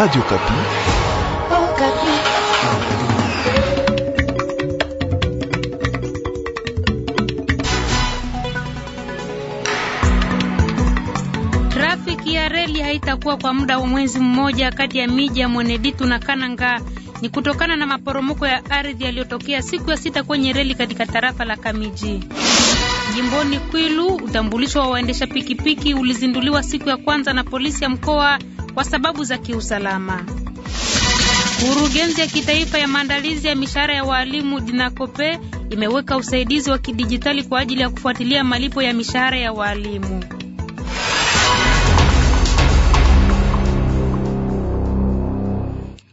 Radio Kapi. Oh, Kapi. Trafiki ya reli haitakuwa kwa muda wa mwezi mmoja kati ya miji ya Mweneditu na Kananga ni kutokana na maporomoko ya ardhi yaliyotokea siku ya sita kwenye reli katika tarafa la Kamiji. Jimboni Kwilu, utambulisho wa waendesha pikipiki ulizinduliwa siku ya kwanza na polisi ya mkoa kwa sababu za kiusalama. Kurugenzi ya kitaifa ya maandalizi ya mishahara ya waalimu Dinakope imeweka usaidizi wa kidijitali kwa ajili ya kufuatilia malipo ya mishahara ya waalimu.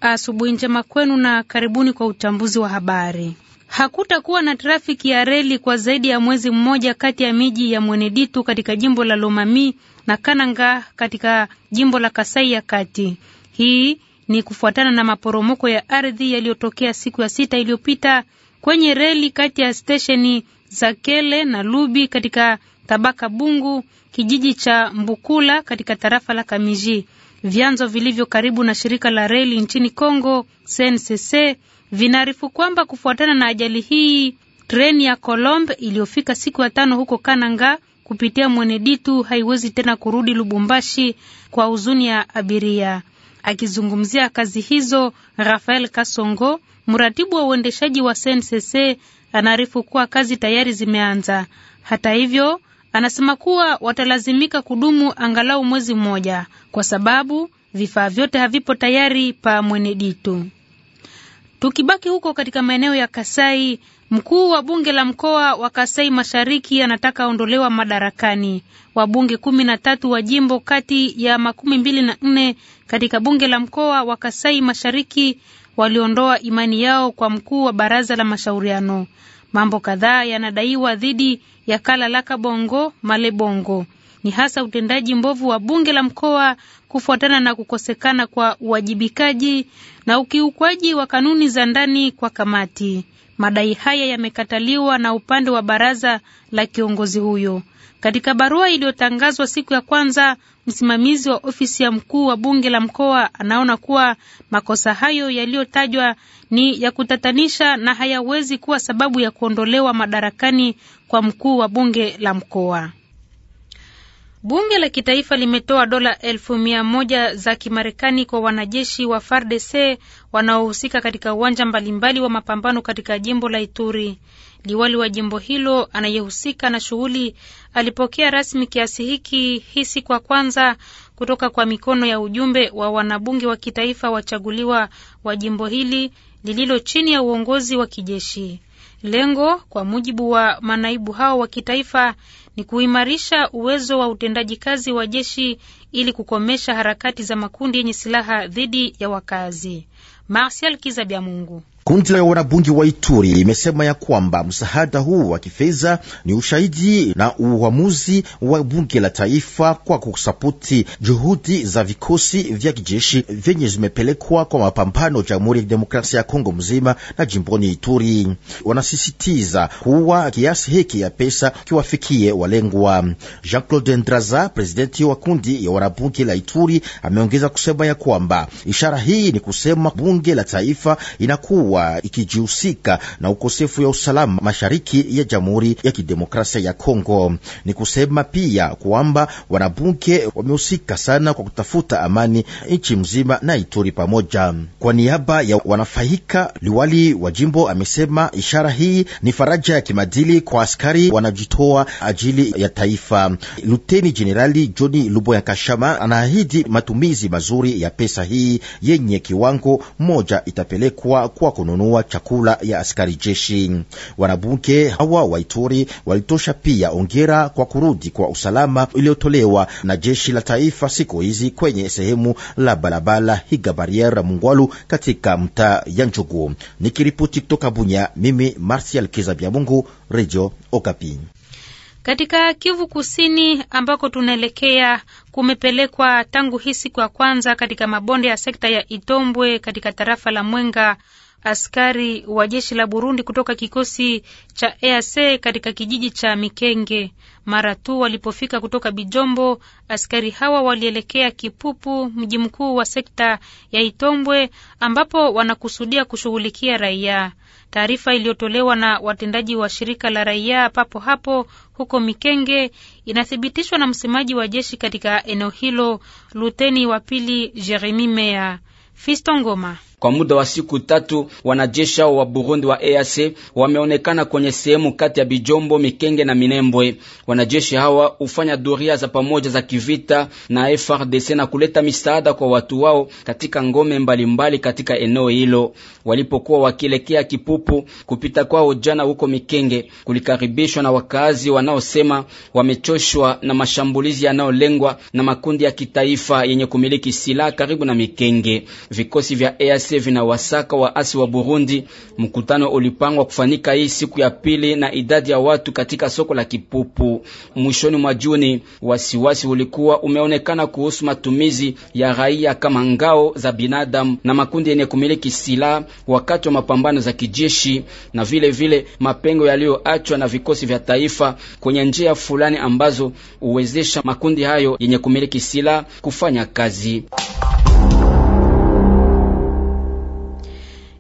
Asubuhi njema kwenu na karibuni kwa utambuzi wa habari. Hakutakuwa na trafiki ya reli kwa zaidi ya mwezi mmoja kati ya miji ya Mweneditu katika jimbo la Lomami na Kananga katika jimbo la Kasai ya Kati. Hii ni kufuatana na maporomoko ya ardhi yaliyotokea siku ya sita iliyopita kwenye reli kati ya stesheni za Kele na Lubi katika tabaka Bungu, kijiji cha Mbukula katika tarafa la Kamiji. Vyanzo vilivyo karibu na shirika la reli nchini congo CNCC vinaarifu kwamba kufuatana na ajali hii, treni ya Colombe iliyofika siku ya tano huko Kananga kupitia Mweneditu haiwezi tena kurudi Lubumbashi kwa huzuni ya abiria. Akizungumzia kazi hizo, Rafael Kasongo, mratibu wa uendeshaji wa SNCC, anaarifu kuwa kazi tayari zimeanza. Hata hivyo, anasema kuwa watalazimika kudumu angalau mwezi mmoja kwa sababu vifaa vyote havipo tayari pa Mweneditu. Tukibaki huko katika maeneo ya Kasai, mkuu wa bunge la mkoa wa Kasai Mashariki anataka aondolewa madarakani. Wabunge kumi na tatu wa jimbo kati ya makumi mbili na nne katika bunge la mkoa wa Kasai Mashariki waliondoa imani yao kwa mkuu wa baraza la mashauriano. Mambo kadhaa yanadaiwa dhidi ya Kala lakabongo malebongo ni hasa utendaji mbovu wa bunge la mkoa kufuatana na kukosekana kwa uwajibikaji na ukiukwaji wa kanuni za ndani kwa kamati. Madai haya yamekataliwa na upande wa baraza la kiongozi huyo. Katika barua iliyotangazwa siku ya kwanza, msimamizi wa ofisi ya mkuu wa bunge la mkoa anaona kuwa makosa hayo yaliyotajwa ni ya kutatanisha na hayawezi kuwa sababu ya kuondolewa madarakani kwa mkuu wa bunge la mkoa. Bunge la kitaifa limetoa dola elfu mia moja za Kimarekani kwa wanajeshi wa FARDC wanaohusika katika uwanja mbalimbali wa mapambano katika jimbo la Ituri. Liwali wa jimbo hilo anayehusika na shughuli alipokea rasmi kiasi hiki hii siku ya kwanza kutoka kwa mikono ya ujumbe wa wanabunge wa kitaifa wachaguliwa wa jimbo hili lililo chini ya uongozi wa kijeshi. Lengo kwa mujibu wa manaibu hao wa kitaifa ni kuimarisha uwezo wa utendaji kazi wa jeshi ili kukomesha harakati za makundi yenye silaha dhidi ya wakazi. marcial Kizabya Mungu Kundi la wanabunge wa Ituri imesema ya kwamba msaada huu wa kifedha ni ushahidi na uamuzi wa bunge la taifa kwa kusapoti juhudi za vikosi vya kijeshi vyenye zimepelekwa kwa mapambano Jamhuri ya Kidemokrasia ya Kongo mzima na jimboni Ituri. Wanasisitiza kuwa kiasi hiki ya pesa kiwafikie walengwa. Jean-Claude Ndraza, presidenti wa kundi ya wanabunge la Ituri, ameongeza kusema ya kwamba ishara hii ni kusema bunge la taifa inakuwa imekuwa ikijihusika na ukosefu ya usalama mashariki ya Jamhuri ya Kidemokrasia ya Kongo. Ni kusema pia kwamba wanabunge wamehusika sana kwa kutafuta amani nchi mzima na Ituri pamoja. Kwa niaba ya wanafaika, liwali wa jimbo amesema ishara hii ni faraja ya kimadili kwa askari wanajitoa ajili ya taifa. Luteni Jenerali Johni Luboya Kashama anaahidi matumizi mazuri ya pesa hii yenye kiwango moja itapelekwa kwako kununua chakula ya askari jeshi. Wanabunge hawa wa Ituri walitosha pia ongera kwa kurudi kwa usalama iliyotolewa na jeshi la taifa siku hizi kwenye sehemu la balabala Higa Bariera Mungwalu katika mtaa ya Njugu. Nikiripoti kutoka Bunya, mimi Martial Mungu, Radio Okapi. Katika Kivu Kusini ambako tunaelekea kumepelekwa tangu hii siku ya kwanza katika mabonde ya sekta ya Itombwe katika tarafa la Mwenga askari wa jeshi la Burundi kutoka kikosi cha EAC katika kijiji cha Mikenge. Mara tu walipofika kutoka Bijombo, askari hawa walielekea Kipupu, mji mkuu wa sekta ya Itombwe, ambapo wanakusudia kushughulikia raia. Taarifa iliyotolewa na watendaji wa shirika la raia papo hapo huko Mikenge inathibitishwa na msemaji wa jeshi katika eneo hilo, luteni wa pili Jeremi Mea Fisto Ngoma. Kwa muda wa siku tatu, wanajeshi wa Burundi wa EAC wameonekana kwenye sehemu kati ya Bijombo, Mikenge na Minembwe. Wanajeshi hawa hufanya doria za pamoja za kivita na FRDC na kuleta misaada kwa watu wao katika ngome mbalimbali mbali katika eneo hilo. Walipokuwa wakielekea Kipupu kupita kwao jana huko Mikenge, kulikaribishwa na wakazi wanaosema wamechoshwa na mashambulizi yanayolengwa na makundi ya kitaifa yenye kumiliki silaha karibu na Mikenge. Vikosi vya EAC FARDC vinawasaka waasi wa Burundi. Mkutano ulipangwa kufanyika hii siku ya pili na idadi ya watu katika soko la Kipupu mwishoni mwa Juni. Wasiwasi ulikuwa umeonekana kuhusu matumizi ya raia kama ngao za binadamu na makundi yenye kumiliki silaha wakati wa mapambano za kijeshi, na vile vile mapengo yaliyoachwa na vikosi vya taifa kwenye njia fulani ambazo huwezesha makundi hayo yenye kumiliki silaha kufanya kazi.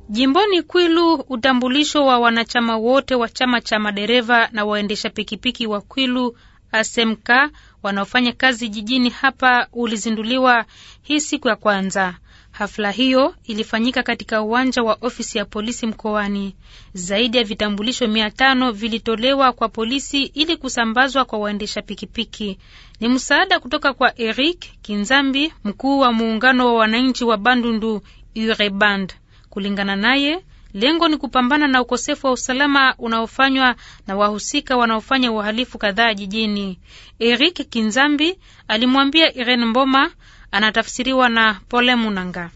Jimboni Kwilu, utambulisho wa wanachama wote wa chama cha madereva na waendesha pikipiki wa Kwilu asemka e wanaofanya kazi jijini hapa ulizinduliwa hii siku ya kwanza. Hafla hiyo ilifanyika katika uwanja wa ofisi ya polisi mkoani. Zaidi ya vitambulisho mia tano vilitolewa kwa polisi ili kusambazwa kwa waendesha pikipiki. Ni msaada kutoka kwa Eric Kinzambi, mkuu wa muungano wa wananchi wa Bandundu Ureband. Kulingana naye, lengo ni kupambana na ukosefu wa usalama unaofanywa na wahusika wanaofanya uhalifu kadhaa jijini. Eric Kinzambi alimwambia Irene Mboma, anatafsiriwa na Pole Munanga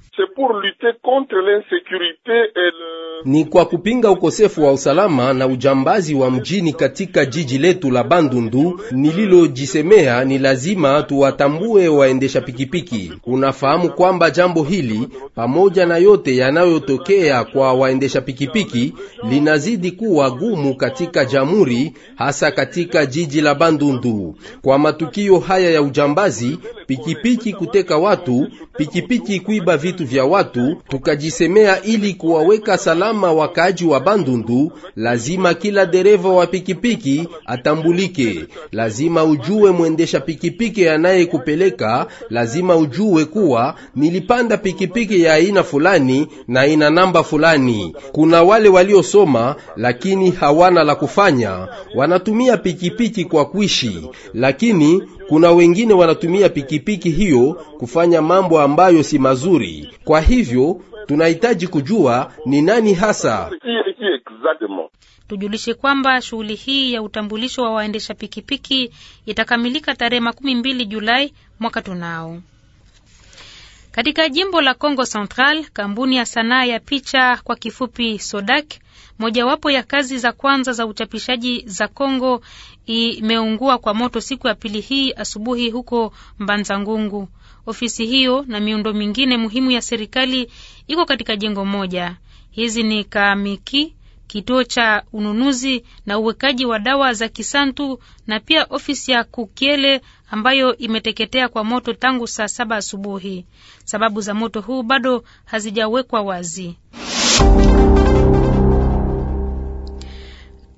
ni kwa kupinga ukosefu wa usalama na ujambazi wa mjini katika jiji letu la Bandundu nililojisemea, ni lazima tuwatambue waendesha pikipiki. Unafahamu kwamba jambo hili pamoja na yote yanayotokea kwa waendesha pikipiki linazidi kuwa gumu katika jamhuri, hasa katika jiji la Bandundu kwa matukio haya ya ujambazi, pikipiki kuteka watu, pikipiki kuiba vitu vya watu tukajisemea, ili kuwaweka salama wakaaji wa Bandundu, lazima kila dereva wa pikipiki atambulike, lazima ujue mwendesha pikipiki anayekupeleka, lazima ujue kuwa nilipanda pikipiki ya aina fulani na ina namba fulani. Kuna wale waliosoma lakini hawana la kufanya, wanatumia pikipiki kwa kuishi, lakini kuna wengine wanatumia pikipiki hiyo kufanya mambo ambayo si mazuri. Kwa hivyo tunahitaji kujua ni nani hasa. Tujulishe kwamba shughuli hii ya utambulisho wa waendesha pikipiki itakamilika tarehe makumi mbili Julai mwaka tunao. Katika jimbo la Congo Central, kampuni ya sanaa ya picha kwa kifupi SODAK, mojawapo ya kazi za kwanza za uchapishaji za Congo imeungua kwa moto siku ya pili hii asubuhi huko Mbanza Ngungu. Ofisi hiyo na miundo mingine muhimu ya serikali iko katika jengo moja. Hizi ni Kaamiki, kituo cha ununuzi na uwekaji wa dawa za Kisantu na pia ofisi ya Kukiele ambayo imeteketea kwa moto tangu saa saba asubuhi. Sababu za moto huu bado hazijawekwa wazi.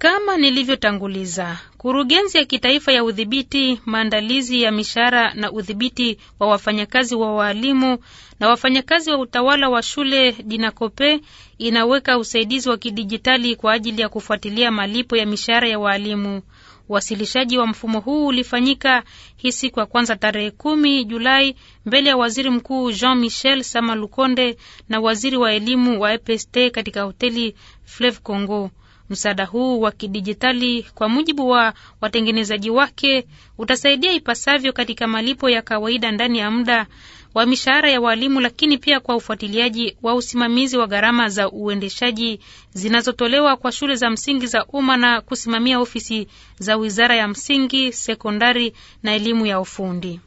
Kama nilivyotanguliza, kurugenzi ya kitaifa ya udhibiti maandalizi ya mishahara na udhibiti wa wafanyakazi wa waalimu na wafanyakazi wa utawala wa shule Dinakope inaweka usaidizi wa kidijitali kwa ajili ya kufuatilia malipo ya mishahara ya waalimu. Uwasilishaji wa mfumo huu ulifanyika hii siku ya kwanza tarehe kumi Julai mbele ya waziri mkuu Jean Michel Sama Lukonde na waziri wa elimu wa EPST katika hoteli Fleve Congo. Msaada huu wa kidijitali, kwa mujibu wa watengenezaji wake, utasaidia ipasavyo katika malipo ya kawaida ndani ya muda wa mishahara ya walimu, lakini pia kwa ufuatiliaji wa usimamizi wa gharama za uendeshaji zinazotolewa kwa shule za msingi za umma na kusimamia ofisi za wizara ya msingi, sekondari na elimu ya ufundi.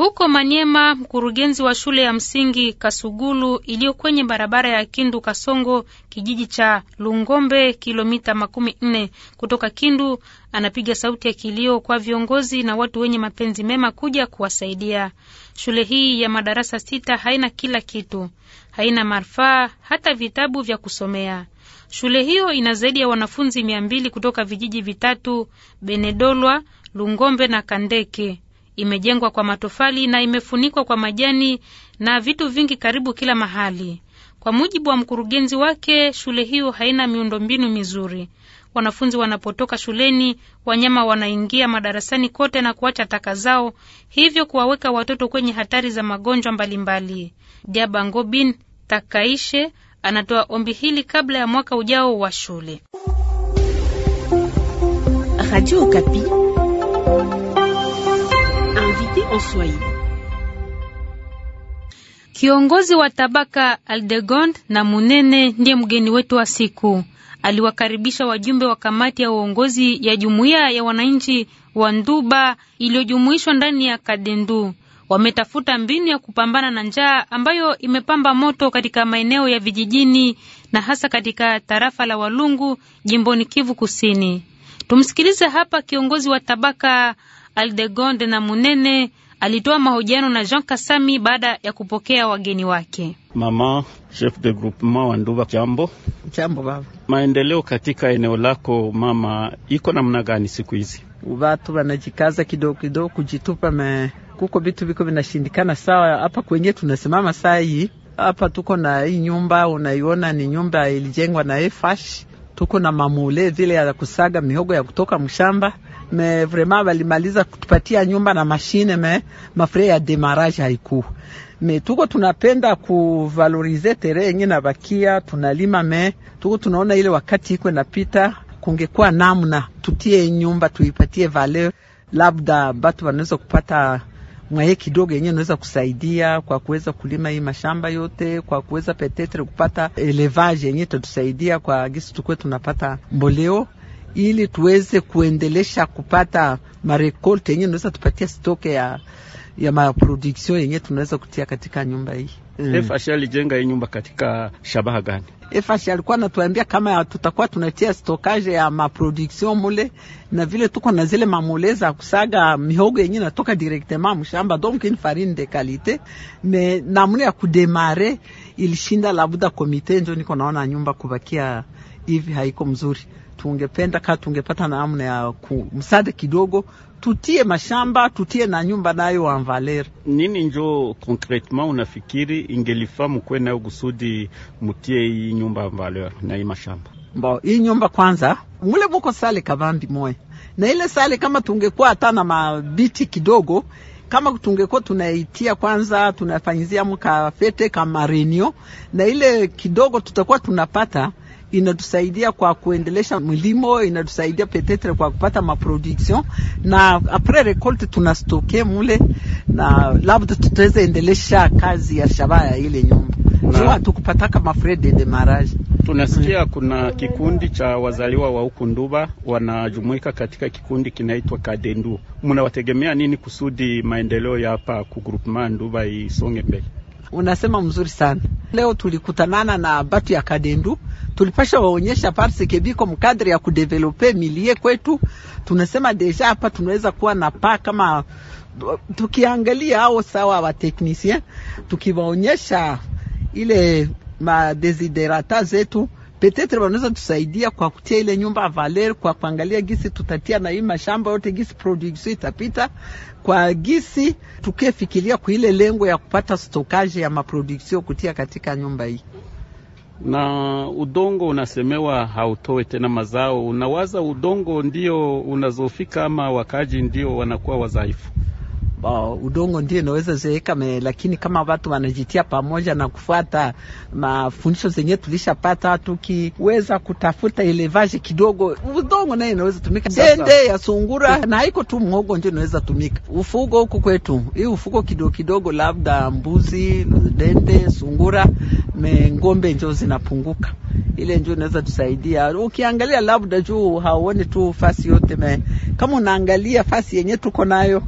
Huko Manyema, mkurugenzi wa shule ya msingi Kasugulu iliyo kwenye barabara ya Kindu Kasongo, kijiji cha Lungombe, kilomita makumi nne kutoka Kindu, anapiga sauti ya kilio kwa viongozi na watu wenye mapenzi mema kuja kuwasaidia. Shule hii ya madarasa sita haina kila kitu, haina marfaa, hata vitabu vya kusomea. Shule hiyo ina zaidi ya wanafunzi mia mbili kutoka vijiji vitatu Benedolwa, Lungombe na Kandeke imejengwa kwa matofali na imefunikwa kwa majani na vitu vingi karibu kila mahali. Kwa mujibu wa mkurugenzi wake, shule hiyo haina miundombinu mizuri. Wanafunzi wanapotoka shuleni, wanyama wanaingia madarasani kote na kuacha taka zao, hivyo kuwaweka watoto kwenye hatari za magonjwa mbalimbali. Jabangobin Takaishe anatoa ombi hili kabla ya mwaka ujao wa shule. Radio Oswai. Kiongozi wa tabaka Aldegond na Munene ndiye mgeni wetu wa siku. Aliwakaribisha wajumbe wa kamati ya uongozi ya jumuiya ya wananchi wa Nduba iliyojumuishwa ndani ya Kadendu. Wametafuta mbinu ya kupambana na njaa ambayo imepamba moto katika maeneo ya vijijini na hasa katika tarafa la Walungu jimboni Kivu Kusini. Tumsikilize hapa kiongozi wa tabaka Aldegonde na Munene alitoa mahojiano na Jean Kasami baada ya kupokea wageni wake. Mama chef de groupement wa Nduba, jambo. Jambo baba. Maendeleo katika eneo lako mama iko namna gani siku hizi? Watu wanajikaza kidogo kidogo kujitupa me kuko vitu viko vinashindikana. Sawa, hapa kwenye tunasimama saa hii hapa tuko na hii nyumba unaiona, ni nyumba ilijengwa na efash, tuko na mamule vile ya kusaga mihogo ya kutoka mshamba me vraiment walimaliza kutupatia nyumba na mashine me mafre ya demarage haikuwa me tuko tunapenda kuvalorize tere yenye na bakia tunalima me tuko tunaona ile wakati iko napita, kungekuwa namna tutie nyumba tuipatie vale labda batu wanaweza kupata mwaye kidogo yenye naweza kusaidia kwa kuweza kulima hii mashamba yote, kwa kuweza petetre kupata elevage yenye tatusaidia kwa gisi tukwe tunapata mboleo ili tuweze kuendelesha kupata marekolte yenye tunaweza tupatia stoke ya ya maproduction yenye tunaweza kutia katika nyumba hii mm. FH alijenga hii nyumba katika shabaha gani? FH alikuwa anatuambia kama tutakuwa tunatia stokage ya maproduction mule, na vile tuko na zile mamoleza kusaga mihogo yenye natoka directement mshamba, donc une farine de qualité me namna ya kudemare ilishinda labuda komite, ndio niko naona nyumba kubakia hivi haiko mzuri tungependa kama tungepata namna ya kumsada kidogo, tutie mashamba tutie na nyumba nayo wa Valeri. Nini njo concretement unafikiri ingelifaa mukwe nayo kusudi mutie hii nyumba Valeri na hii mashamba mbao? Hii nyumba kwanza, mule muko sale kavambi moya na ile sale, kama tungekuwa hata na mabiti kidogo kama tungekuwa tunaitia kwanza tunafanyizia mkafete kama renio na ile kidogo tutakuwa tunapata inatusaidia kwa kuendelesha mlimo, inatusaidia petetre kwa kupata maproduction na apres recolte tunastoke mule, na labda tutaweza endelesha kazi ya shabaha ya ile nyumba na tukupataka mafre de demarage. Tunasikia kuna kikundi cha wazaliwa wa huku Nduba wanajumuika katika kikundi kinaitwa Kadendu, mnawategemea nini kusudi maendeleo ya hapa ku Nduba isonge mbele? Unasema mzuri sana. Leo tulikutanana na batu ya Kadendu, tulipasha waonyesha parce que biko mkadri ya kudevelope milie kwetu. Tunasema deja hapa tunaweza kuwa na paa kama tukiangalia ao sawa wa technicien, tukiwaonyesha ile madesiderata zetu petetre wanaweza tusaidia kwa kutia ile nyumba valer, kwa kuangalia gisi tutatia na hii mashamba yote gisi production itapita kwa gisi, tukefikiria kwa ile lengo ya kupata stokaje ya maproduction kutia katika nyumba hii. Na udongo unasemewa hautoe tena mazao, unawaza udongo ndio unazofika ama wakaji ndio wanakuwa wadhaifu uh, udongo ndio inaweza zeeka me, lakini kama watu wanajitia pamoja na kufuata mafundisho zenye tulishapata, tukiweza kutafuta elevaji kidogo, udongo naye inaweza tumika sende ya sungura na haiko tu mhogo ndio inaweza tumika ufugo huku kwetu, hii ufugo kidogo kidogo, labda mbuzi, dende, sungura me ngombe njo zinapunguka ile njoo inaweza tusaidia. Ukiangalia labda juu hauoni tu fasi yote me, kama unaangalia fasi yenye tuko nayo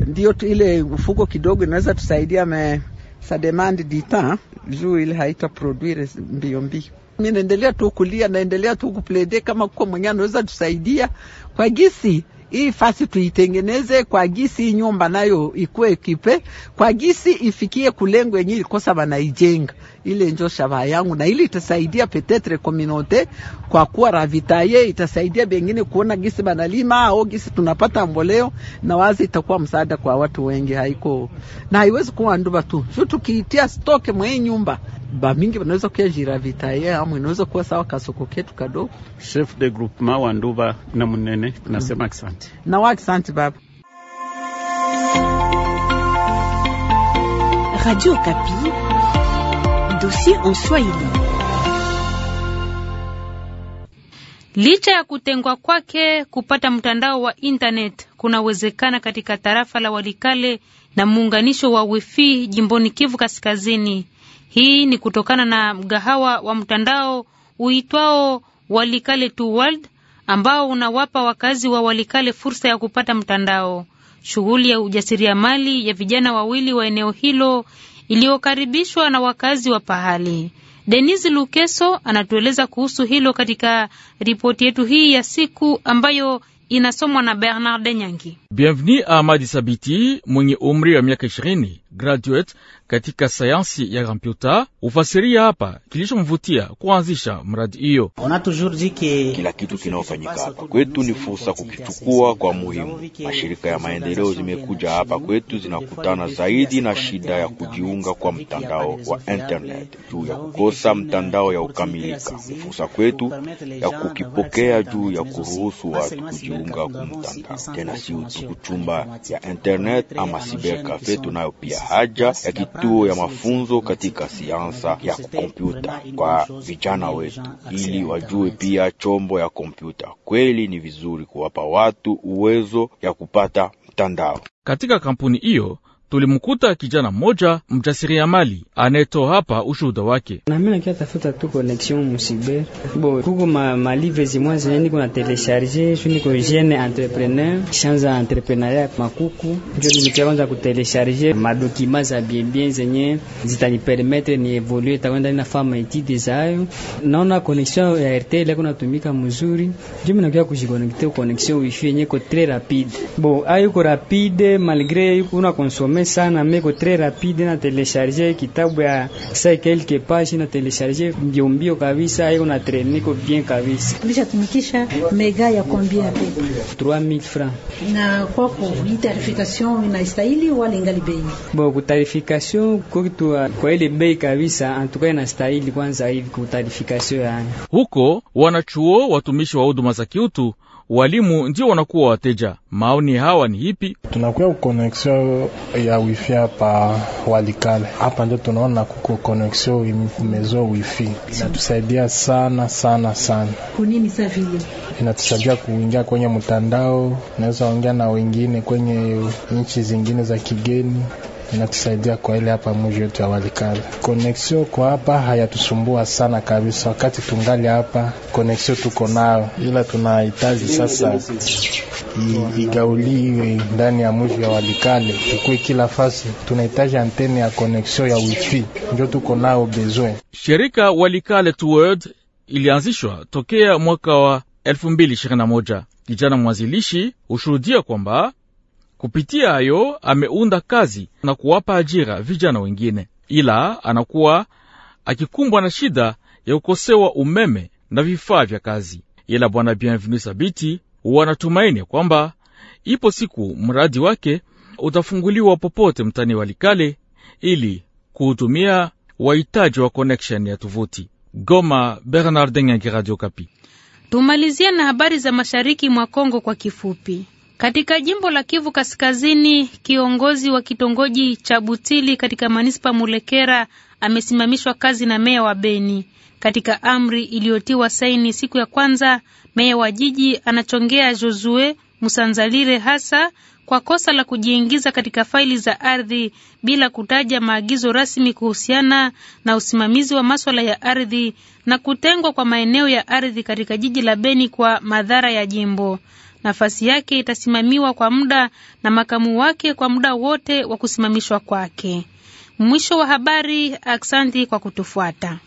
ndio ile ufuko kidogo inaweza tusaidia me sa demand du temps juu ile haita produire mbio mbio. Mi naendelea tu kulia, naendelea tu kuplede kama kuko mwenye anaweza tusaidia kwa gisi hii fasi tuitengeneze kwa gisi hii nyumba nayo ikuwe kipe kwa gisi ifikie kulengo yenye ilikosa wanaijenga ile njo shabaha yangu, na ile itasaidia petetre kominote kwa kuwa ravitaye, itasaidia bengine kuona gisi banalima au gisi tunapata mboleo, na wazi itakuwa msaada kwa watu wengi. Haiko na haiwezi kuwa nduba tu shu tukiitia stoke mwenye nyumba ba mingi banaweza kuya jiravitaye amu inaweza kuwa sawa kasoko ketu kado Chef de groupement wa nduba na munene tunasema Kisanti na wa kisanti baba. Radio Kapi Dossier en Swahili. Licha ya kutengwa kwake, kupata mtandao wa internet kunawezekana katika tarafa la Walikale na muunganisho wa wifi jimboni Kivu Kaskazini. Hii ni kutokana na mgahawa wa mtandao uitwao Walikale to World ambao unawapa wakazi wa Walikale fursa ya kupata mtandao. Shughuli ya ujasiriamali ya vijana wawili wa eneo hilo iliyokaribishwa na wakazi wa pahali. Denis Lukeso anatueleza kuhusu hilo katika ripoti yetu hii ya siku ambayo inasomwa na Bernard Nyangi. Bienvenue Ahmadi Sabiti mwenye umri wa miaka ishirini, graduate katika sayansi ya kompyuta, ufasiria hapa kilichomvutia kuanzisha mradi hiyo. Kila kitu kinayofanyika hapa kwetu ni fursa kukichukua kwa muhimu. Mashirika ya maendeleo zimekuja hapa kwetu, zinakutana zaidi na shida ya kujiunga kwa mtandao wa internet juu ya kukosa mtandao ya ukamilika. Ni fursa kwetu ya kukipokea juu ya kuruhusu watu kujiunga kwa mtandao, tena si kuchumba ya internet ama cafe. Tunayo pia haja ya kituo ya mafunzo katika siansa ya kompyuta kwa vijana wetu, ili wajue pia chombo ya kompyuta. Kweli ni vizuri kuwapa watu uwezo ya kupata mtandao katika kampuni hiyo tulimkuta kijana mmoja mjasiriamali anayeto hapa ushuhuda wake. nami nakia tafuta tu connexion musiber bo kuko ma, ma zimwa zenye niko na telesharge shu niko jeune entrepreneur shanza entrepreneuria makuku njo nilikia kwanza kutelesharge madokima za bienbien zenye zitanipermetre ni evolue takwenda ninafama etide zayo. Naona connexion ya RTL yako natumika mzuri, njo minakia kujikonekte connexion wifi yenye ko tres rapide bo ayuko rapide malgre yuko una konsome bien sana, meko très rapide na telesharge kitabu ya sai quelques pages na telesharge mbio mbio kabisa, iko na trainer iko bien kabisa. Kisha tumikisha mega ya combien pe? 3000 francs. Na kwa kwa tarification ina stahili wala ingali bei. Bon, kutarification kwa kitu kwa ile bei kabisa, antukae na stahili kwanza hivi tarification yani. Huko wanachuo watumishi wa huduma za kiutu walimu ndio wanakuwa wateja. Maoni hawa ni ipi? Tunakuwa koneksio ya wifi hapa Walikale, hapa ndio tunaona kuko koneksio imezo wifi, inatusaidia sana sana sana. Kunini sa vile inatusaidia kuingia kwenye mtandao, unaweza ongea na wengine kwenye nchi zingine za kigeni inatusaidia kwa ile hapa mji wetu ya Walikale. Koneksio kwa hapa hayatusumbua sana kabisa, wakati tungali hapa koneksio tuko nayo, ila tunahitaji sasa igauliwe ndani ya mji ya Walikale, tukue kila fasi. Tunahitaji antene ya koneksio ya wifi, ndio tuko nayo besoin. Shirika Walikale World ilianzishwa tokea mwaka wa 2021. Kijana mwanzilishi hushuhudia kwamba Kupitia hayo ameunda kazi na kuwapa ajira vijana wengine, ila anakuwa akikumbwa na shida ya kukosewa umeme na vifaa vya kazi. Ila Bwana Bienvenu Sabiti wanatumaini kwamba ipo siku mradi wake utafunguliwa popote mtani likale ili kuhudumia wahitaji wa connection ya tovuti Goma. Bernardin Nyangi, Radio Kapi. Tumalizia na habari za mashariki mwa Kongo kwa kifupi. Katika jimbo la Kivu Kaskazini, kiongozi wa kitongoji cha Butili katika manispa Mulekera amesimamishwa kazi na meya wa Beni. Katika amri iliyotiwa saini siku ya kwanza, meya wa jiji anachongea Josue Musanzalire hasa kwa kosa la kujiingiza katika faili za ardhi bila kutaja maagizo rasmi kuhusiana na usimamizi wa maswala ya ardhi na kutengwa kwa maeneo ya ardhi katika jiji la Beni kwa madhara ya jimbo nafasi yake itasimamiwa kwa muda na makamu wake kwa muda wote wa kusimamishwa kwake. Mwisho wa habari. Aksanti kwa kutufuata.